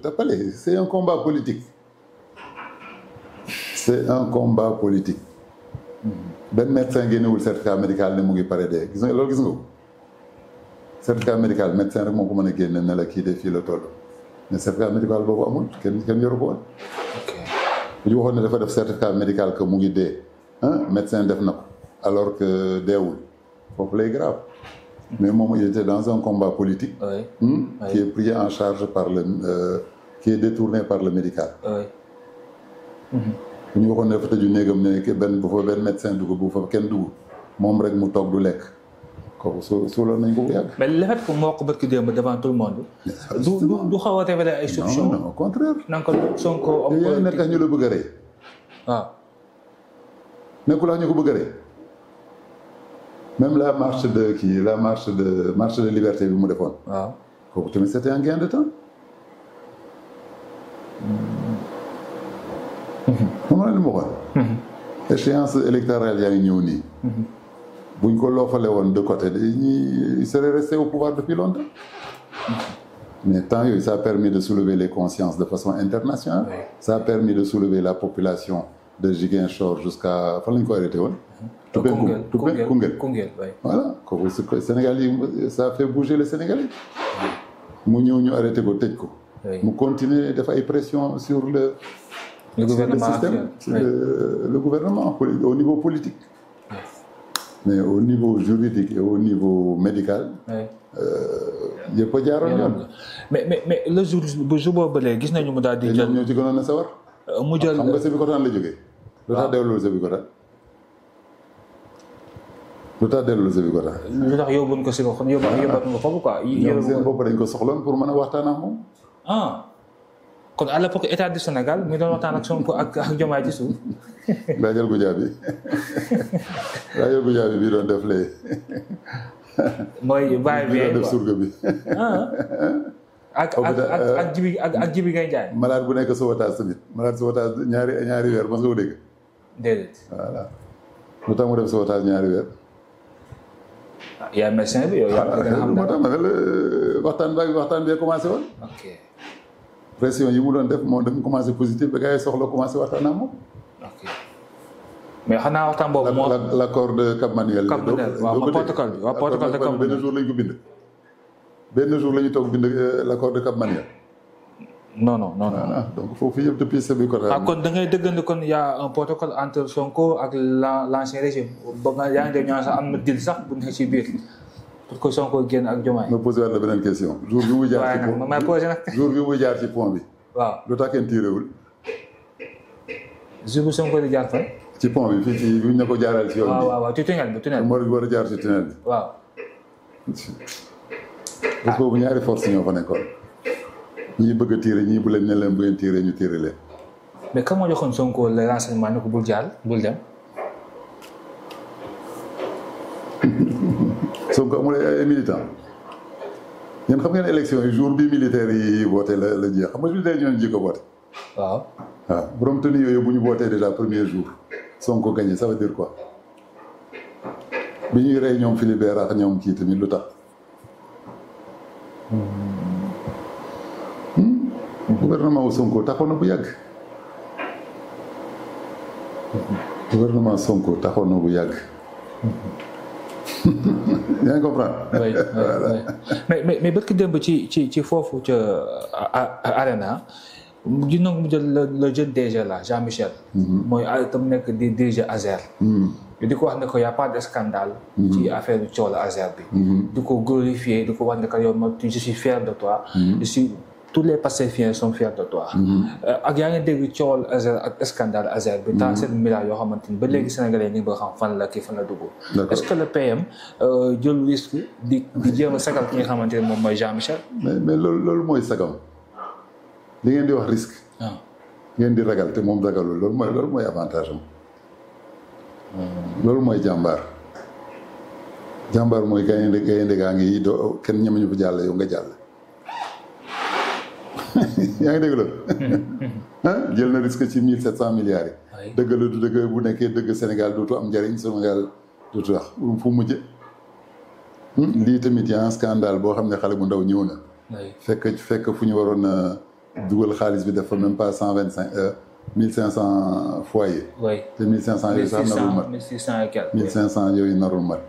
tappale du ah. c'est un combat politique c'est un combat politique benn médecin génnewul certificat médical ne mu ngi pare dee gis nga loolu gis nga ko certificat médical médecin rek moo ko mën a génne ne kii de fii la toll mais certificat médical boobu amul kenn kenn yoru ko woon bu waxoon ne dafa def certificat médical ko mu ngi dee médecin def na ko alors que deewul foofu lay grave mais moom il était dans un combat politique. Oui. Hmm, hum, pris en charge par le euh, qui est par le médical. oui. Mm-hmm. ñu ko ne dafa tëju néegam ne benn bu fa benn médecin dugg bu fa kenn dugg moom rek mu toog du lekk kooku su suuloon nañ ko bu yàgg. mais le fait que moo ko bëgg démb du du du xaw a révéler ay soupçons. non non au contraire. na nga ko Sonko politique ñu bëgg a rey. Ah. ko bëgg a même la marché de kii la marche de marche de liberté bi mu defoon. waaw kooku tamit c'était un gain de temps. xam nga mhm. échéance électorale yaa ngi ñëw nii. Mhm. buñ ko loofale woon de côté dañuy il serait resté au pouvoir depuis longtemps. Mhm. mais temps yooyu ça a permis de soulever les consciences de façon internationale. ça a permis de soulever la population de Ziguinchor jusqu'à fan la ñu ko arrêté woon. Koungheul Koungheul Koungheul Koungheul voilà kooku su ko Sénégal yi ça fait bouger les mu ñëw ñu arrêté ko tëj ko mu continuer def ay pression sur le le gouvernement système le, gouvernement politique mais au niveau juridique et au niveau médical euh, yëpp a jaaroon yoon mais mais mais le jour bu jour gis nañu mu daal di jël ñoo ci gënoon sawar euh, mu jël xam nga Sébikotane la jógee lu tax ah. dewlul Sébikotane lu tax dellu Sébikotane. lu tax yóbbuñ ko Sébikotane ah. yóbbaat nga foofu quoi. ñoom seen bopp dañ ko soxloon pour mën a waxtaan ak moom. ah kon à l'époque état du Sénégal mu doon waxtaan ak Sonko ak ak Diomaye ci suuf. laajal Goudiaby laajal Goudiaby bii doon def lee. mooy bàyyi bi doon def surga bi. Ah. Euh, ak jibi ngay jaay. malade bu nekk Sowatage tamit malade Sowatage ñaari ñaari weer mos nga ko dégg. déedéet voilà lu tax mu def ñaari weer. yaay médecin bi yow yaa ngi a moo tax ma ne la waxtaan ba waxtaan bee commencé woon. pression yi mu doon def moo dem commencé positif ba gars yi soxla commencé waxtaan ak moom. ok mais xanaa waxtaan boobu moo. la la l'accord de Cap Manuel. Cap Manuel waaw ma bi waaw protocole de Cap la ñu ko bind. la ñu toog bind l'accord non non non non ah, ah, donc foofu yëpp depuis Sèye Bikore. ah kon da ngay dëggante kon y' a un protocole entre Sonko ak la l' ancien régime ba nga yaa ngi dem ñaan sax am na dil sax bu nekk ci biir pour que Sonko génn ak Diomaye. ma posé waat la beneen question. jour bi muy jaar ci pont waaye nag posé nag. jour bi muy jaar ci pont bi. waaw lu tax kenn tiiréwul. jour bi Sonko di jaar fan. ci pont bi fii ci buñ ne ko jaaral ci yoon bi. waaw waaw waaw ci tunnel bi tunnel bi. moo war a jaar ci tunnel bi. waaw. parce que boobu ñaari force ñoo fa nekkoon. ñii bëgg a tiire ñii bu leen ne leen bu leen tiire ñu tiire leen. mais kan moo joxoon Sonko le renseignement ne ko bul jàll bul dem. Sonko amul ay militant ñun xam ngeen élection yi jour bi militaire yi woote la la jeex xam nga militaire ñoo ji ko woote. waaw waaw ah, borom tenue yooyu bu ñu wootee déjà premier jour Sonko gagné ça veut dire bi ñuy rey ñoom Philibert ak ñoom kii tamit lu tax. Hmm. gouvernement wu Sonko taxaw bu yàgg gouvernement Sonko taxaw mais mais mais ci ci ci foofu ca arena gis nga mu jël le jeune DG là Jean Michel. Mm-hmm. mooy ah, itam nekk di DG Azer. Mm-hmm. di ko wax ne ko y' pas de scandale. Mm-hmm. ci affaire bi coow Azer bi. di ko glorifier di ko wax ne que yow ma je suis de toi. tous les Pastefiens sont fiers de toi. ak yaa ngi dégg coowal Azer ak scandale Azer bi. tant sept milliards yoo xamante ni ba léegi Sénégalais ñu ngi ba xam fan la kii fan la dugg. est-ce que le PM jël risque di di jéem ah. a sagal ki nga xamante ne moom mooy Jean Michel. mais mais loolu loolu mooy sagal li ngeen di wax risque. ngeen di ragal te moom ragalul loolu mooy loolu mooy avantage am. loolu mooy jàmbaar jàmbaar mooy gaynde gaynde gaa ngi doo kenn ñemeñu bu jàll yow nga jàll. yaa ngi dégg loolu jël na risque ci mille sept cent milliards yi dëgg la du dëgg bu nekkee dëgg Sénégal dootu am njariñ Sénégal dootu wax fu mujje hmm? lii tamit yaa scandale boo xam ne xale bu ndaw ñëw na fekk fekk fu ñu waroon a dugal xaalis bi def fa même pas cent vingt cinq euh, mille cinq cent foyers te mille cinq cent yooyu sax narul mat mille cinq cent yooyu narul mat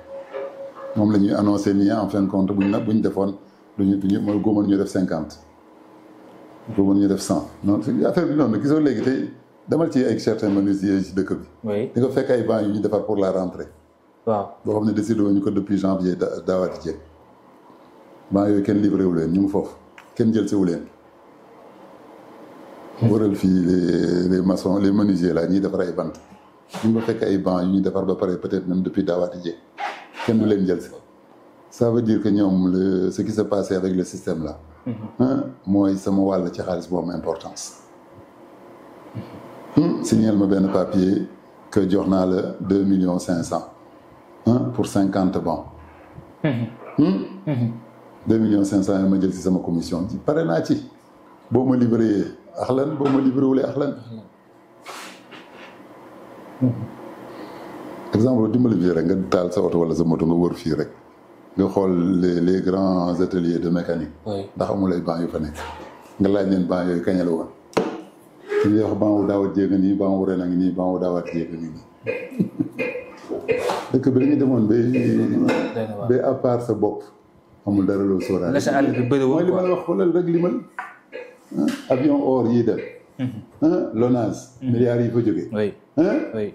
moom la ñuy annoncé nii en fin de compte buñ na buñ defoon duñu duñu mooy góomoon ñu def cinquante il faut mën ñu def cent non affaire bi noonu gisoo léegi tey demal ci ay certains menuisiers ci dëkk bi di nga fekk ay bancs yu ñu defar pour la rentrée waaw boo xam ne décidé woon ñu ko depuis janvier daawaati jéeg maa yooyu kenn livré wu leen ñu ngi foofu kenn jël si wu leen hmm. wëral fii les les maçons les menuisiers là ñuy defar ay bant ñu ngi fekk ay ban yu ñuy defar ba pare peut-être même depuis daawaati jéeg kenn du leen jël si ça veut que ñoom le ce qui s'est passé avec le système là Mm-hmm. mooy sama wàll ci xaalis boobu importance mm-hmm. Mm-hmm. signal ma benn papier que jox naa la deux millions cinq cent pour cinquante bancs deux millions cinq cent yi ma jël si sama commission pare naa ci boo ma libéré ax lan boo ma libéré wulee ax lan exemple dimbali fii rek nga taal sa oto wala sa moto nga wër fii rek nga xool les les grands ateliers de mécanique. ndax amul ay banc yu fa nekk. nga laaj leen banc yooyu kañ la woon. su ñuy wax banc wu daaw jéeg nii banc wu ren a ngi nii banc wu daawaat jéeg a ngi nii dëkk bi dañu demoon ba. ba à part sa bopp. amul dara loo sóoraale. la bëri woon mooy li wax xoolal rek li ma ah, avion or yii dem. Mhm. Ah, LONASE. Mhm. milliards yi fa jógee. oui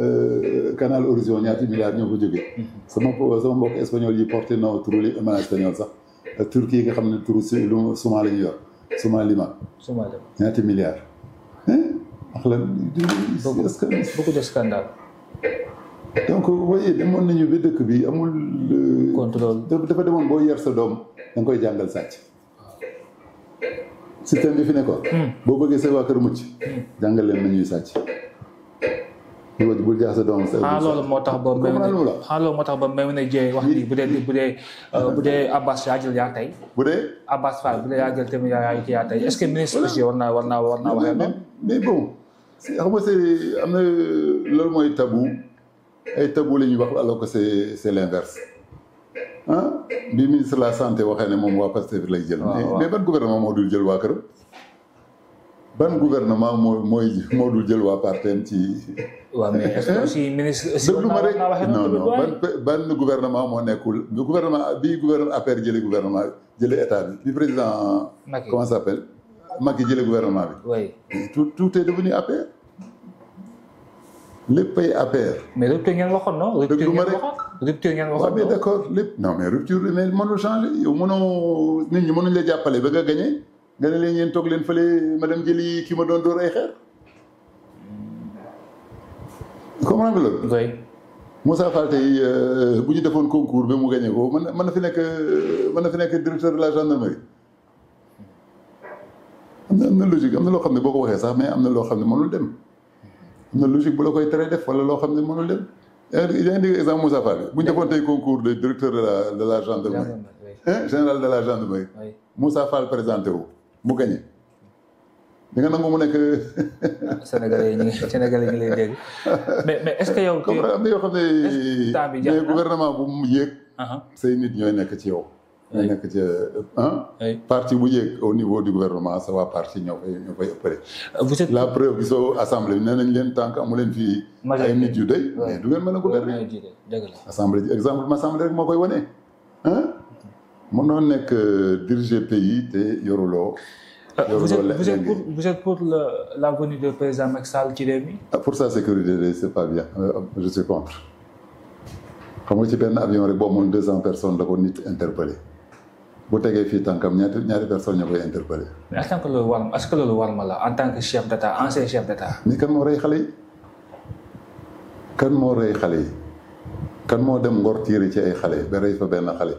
euh, canal horizon ñaati milliards ñoo ko jógee. Mhm. sama sama mbokk espagnol yi porté non turu li maanaam espagnol sax euh, turki yi nga xam ne turu si lu suma la ñu yor suma lima. suma lima ñaati milliards. wax la beaucoup de scandale. donc nañu ba dëkk bi amul. Euh, contrôle dafa demoon boo yar sa doom da koy jàngal sàcc. Ah. système bi fi nekkoon. Hmm. boo bëggee sa waa kër mucc. Hmm. jàngal leen sàcc. bu jeex sa doom ah, xanaa loolu moo tax ba xanaa ah, loolu moo tax ba may ne jeey wax ni bu dee bu dee ah. bu dee Abbas yaa jël yaa tey bu dee Abbas Fall bu dee yaa jël tamit yaa yaa tey est-ce que ministre aussi war naa war naa war naa waxee noonu mais bon xam nga c'est am na loolu mooy tabou ay tabou la ñuy wax alors que c'est c'est l'inverse ah bi ministre de la santé waxee ne moom waa Pastef lay jël mais ban gouvernement moo dul jël waa këram ban gouvernement moo mooy moo dul jël waa parteem ci waaw mais est-ce que aussi ministre. déglu ma rek non gouvernement moo nekkul gouvernement bi gouvernement APR jëlee gouvernement jëlee état bi. bi président. Macky comment ça s'appelle Macky jëlee bi. oui tout tout est devenu APR. lépp ay APR. mais rupture ngeen waxoon non. rupture ngeen waxoon rupture ngeen waxoon mais d'accord lépp. non mais rupture mais mënul changer yow mënoo nit la jàppale ba nga gagné nga ne leen yéen toog leen fële madame jëli ki ma doon door ay xeer. comprendre nga loolu. oui Moussa Fall tey euh, bu ñu defoon concours bi mu gagné ko mën na mën na fi nekk man na fi nekk directeur de la gendarmerie. am na am na logique am na loo xam ne boo ko waxee sax mais am na loo xam ne mënul dem am na logique bu la koy tere def wala loo xam ne mënul dem. yaa ngi dégg exemple Moussa Fall bu ñu defoon tey concours de directeur de la de la gendarmerie. général de la gendarmerie. Moussa Fall présenté wu mu gagné. di nga nangu mu nekk. Sénégalais yi ñu ngi lay dégg mais est-ce que yow. comme am na yoo xam ne temps bi mais gouvernement bu mu uh-huh. say nit ñooy nekk ci yow. ñooy nekk ci ah. parti bu yéeg au niveau du gouvernement ça va parti ñoo fay ñoo fay ëppale. Euh, vous êtes la preuve gisoo assemblée bi nee nañ leen tant que amu leen fii. ay nit yu doy. mais du ngeen mën a gouverner. dëgg la assemblée exemple assemblée rek moo koy wane. Ah? mënoo nekk euh, diriger pays te yoruloo. Ah, vous êtes, vous, êtes pour, vous êtes, pour, de ci ah, pour sa sécurité c'est pas bien euh, euh, je suis contre xam nga ci benn avion rek boo moom deux cent personnes la ko nit interpellé bu tegee fii tànkam ñaari ñaari personnes ñoo koy interpellé mais a tant loolu war ma la en tant que chef d'état ancien chef d'état mais kan moo rey xale yi kan moo rey xale yi kan moo dem ngor tiiri ci ay xale ba rey fa benn xale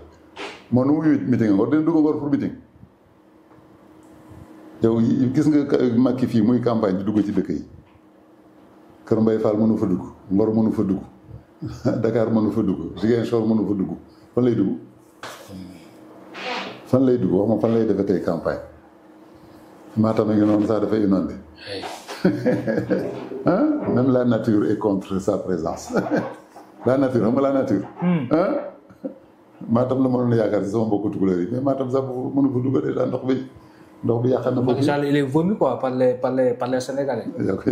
moo nu muy meeting ngor dina dugg ngor pour meeting yow gis nga Macky fii muy campagne di dugg ci dëkk yi Kër Mbaye Fall mënu fa dugg Ngor mënu fa dugg Dakar mënu fa dugg Ziguinchor mënu fa dugg fan lay dugg fan lay dugg wax ma fan lay defee tey campagne Matam a la nature est la nature xam nga la nature. Hmm. Matam la mënoon a yaakaar si sama mbokku tukulóor yi mais Matam sax mënu fa dugg déjà ndox bi. donc yaakaar na boobu Macky Sall il est vomi quoi par les par les par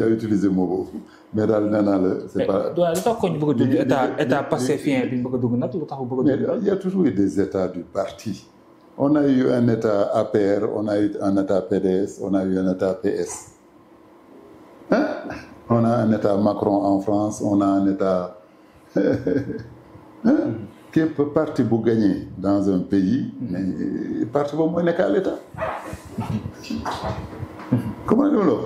utilisé mot mais daal nee naa la c'est pas. waaw lu tax ko ñu bëgg a dugg lu tax bëgg on a eu un état APR on a un état PDS on a eu un état PS. hein on a un état Macron en France on a un état. képp parti bu gagné dans un pays mais parti boobu mooy nekk à l'état comment ni ma la wax.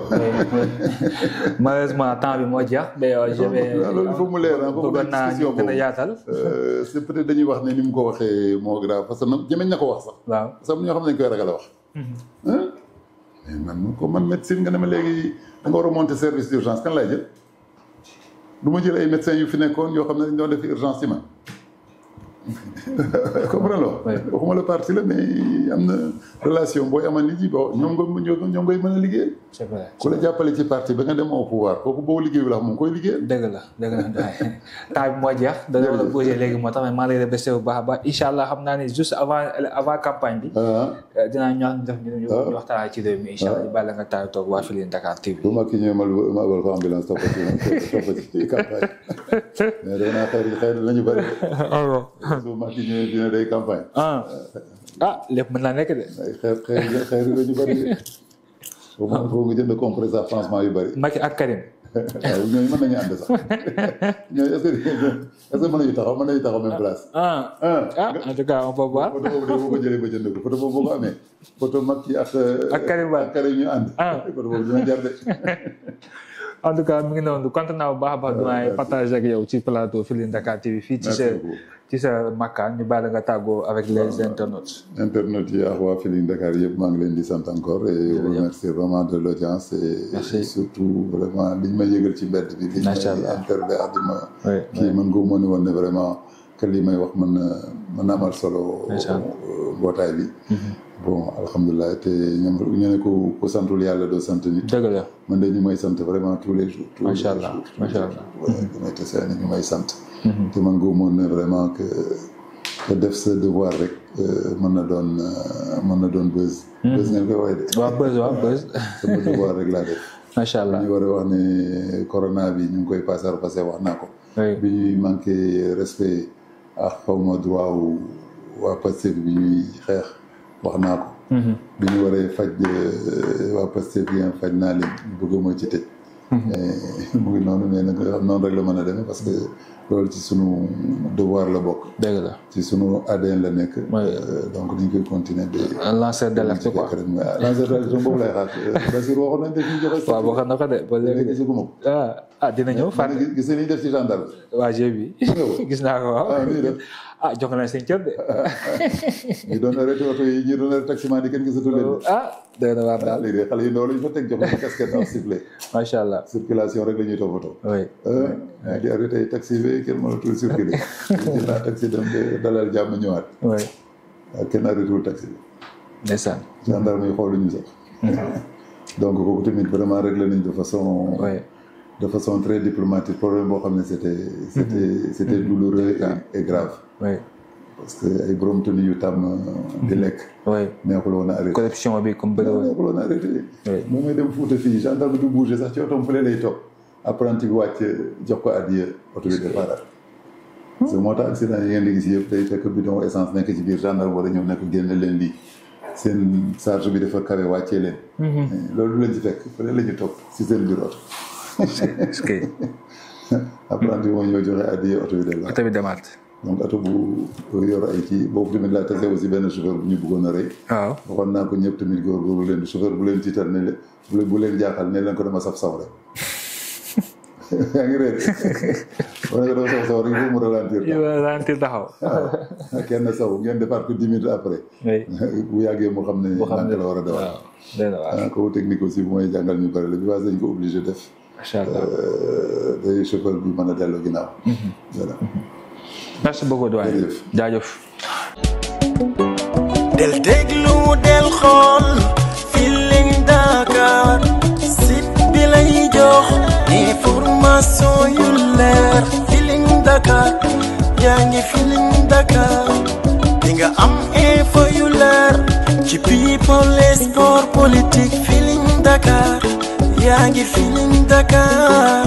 malheureusement temps bi moo jeex. mais euh, je vais loolu il faut mu leer ah bëggoon ñu euh, c'est peut-être dañuy wax ni ni mu ko waxee moo grave parce que nag jëmeñ na ko wax sax. waaw parce que am ñoo xam ne dañu koy ragal a wax. Mm-hmm. mais man ko man médecine nga ne ma léegi da nga war a monter service d'urgence kan laay jël. du ma jël ay médecins yu fi nekkoon yoo xam ne dañu def urgence ci comprendre loo waxuma la parti la mais am na relation booy amal nit yi bo ñoom nga ñoom ngay mën a liggéeyal c'est vrai ku la jàppale ci parti ba nga dem au pouvoir kooku boo liggéeyul la mu koy liggéeyal dëgg la dëgg la temps bi moo jeex dañoo la posé léegi moo tax mais maa lay remercier bu baax a baax incha avant avant campagne bi ah. euh, dinaa ñoo def ah. ci réew mi incha allah ah. bàyyi la nga taal toog waa Feeling Dakar TV bu ma ki ñëwee ma abal ko ambulance topp ci topp ci campagne mais dafa naa xëy xëy nañu bëri so Macky ñëwee dina day campagne. ah ah lépp mën naa nekk de. xeer xeer xeer yu bëri de. foofu moom foo nga jënd compresseur pansement yu bëri. Macky ak Karim. waaw ñooñu mën nañu ànd sax ñooñu est-ce que est-ce que mën nañu taxaw o nañu taxaw même place. ah ah en tout cas on peut voir. photo boobu de ba jënd ko photo boobu boo ko amee ak. ak Karim ak Karim ñu ànd. ah photo boobu dina jar de. en tout cas mi ngi noonu kontaan naa bu baax a baax. waaw partage ak yow ci plateau Feeling Dakar TV fii ci sa ci sa makkaan ñu baal la nga tàggoo avec les internautes. internautes yi ak waa Feeling Dakar yëpp maa ngi leen di sant encore. et vous remercier vraiment de l' audience. et surtout liñ ma yëgal ci mbedd bi. macha allah liñ ma ak di ma. kii man nga mën woon ne vraiment que li may wax man na mën na amal solo. mbootaay bi. bon alhamdulilah te ñoom ñu ne ko ko santul yàlla doo sant nit. dëgg la man de ñu may sant vraiment tous les jours. macha allah macha allah tous les jours voilà te seen ñu may sant. Mm-hmm. te man goo moon ne vraiment que que def sa devoir rek euh, mën na doon euh, mën na doon buzz. Mm-hmm. buzz ngeen koy waxee de. waaw buzz sama devoir rek laa def. macha allah ñu war a wax ne corona ñu ngi koy passer passer wax naa ko. bi ñuy manqué respect ak xaw ma droit wu waa bi ñuy xeex. wax naa ko. Mhm. bi ñu waree faj euh, waa Pastef yi faj naa leen bëgguma ci tëj. Mhm. Eh, mu ngi noonu mais nag euh, noonu rek la mën a demee parce que loolu ci sunu devoir la bokk. dëgg la ci sunu ADN la nekk. Euh, donc dañ koy continuer de. Ah, lanceur d'alerte quoi lanceur d'alerte boobu lay xaar. parce que waxoon nañ dañuy joxe. waaw waxoon na ko de ba léegi gisaguma ko. ah, ah dina ñëw fànn eh, gis nga li ñu def ci gendarme. waa GIE bi. gis naa ko waaw. Ah, ah jox naa seen cër de. ñu doon arrêté oto yi ñu doon arrêté taximan di kenn gisatu leen. Oh, ah day na waar daal ah, léegi xale yu ndaw la ñu fa teg jox leen casquette am sifflet. macha allah circulation rek la ñuy toppatoo. oui ah, ah, di arrêté taxi bi kenn mënatul gendarme yi xooluñu sax. donc kooku tamit vraiment réglé nañ de façon. très diplomatique problème boo xam ne c'était c'était mm-hmm. douloureux et mm-hmm. grave oui. parce que ay borom tenu yu tàmm euh, di mhm. lekk. oui neexul woon a bi comme ba woon neexul woon a arrêté. oui moom mooy dem Fuuta fii gendarme du bouger sax ci otoom fële lay topp. apprenti bi jox ko addiya oto bi hmm. moo tax di gis yëpp day fekk bidon essence nekk ci biir gendarme wala ñëw nekk génne bi dafa kawe wàccee leen. Mhm. loolu du leen ci fekk fële la ñu topp si seen biir oto. est-ce que. donc oto bu yor ay kii boobu tamit laa tase aussi benn chauffeur bu ñu buggoon a rey. waaw waxoon naa ko ñëpp tamit góorgóorlu leen chauffeur bu leen tiital ne leen bu leen jaaxal ne leen ko dama saf saw rek. yaa ngi réer boo nee ko dama saf saw taxaw. waaw kenn saw ngeen defaat ko dix minutes après. bu yàggee moo xam ne. mu xam ne la war a dawal. waaw dëgg la waaw ah, kooku technique aussi bu may jàngal ñu bëri la bi waa dañ ko obligé def. macha allah euh, day chauffeur bi mën a delloo ginnaaw. Mhm. voilà. Mhm. merci beaucoup doyen jaajëf. del déglu del xool Feeling Dakar site lay jox information yu leer Feeling Dakar yaa ngi Feeling Dakar di nga am info yu leer ci people et sport politique Feeling Dakar yaa ngi Feeling Dakar.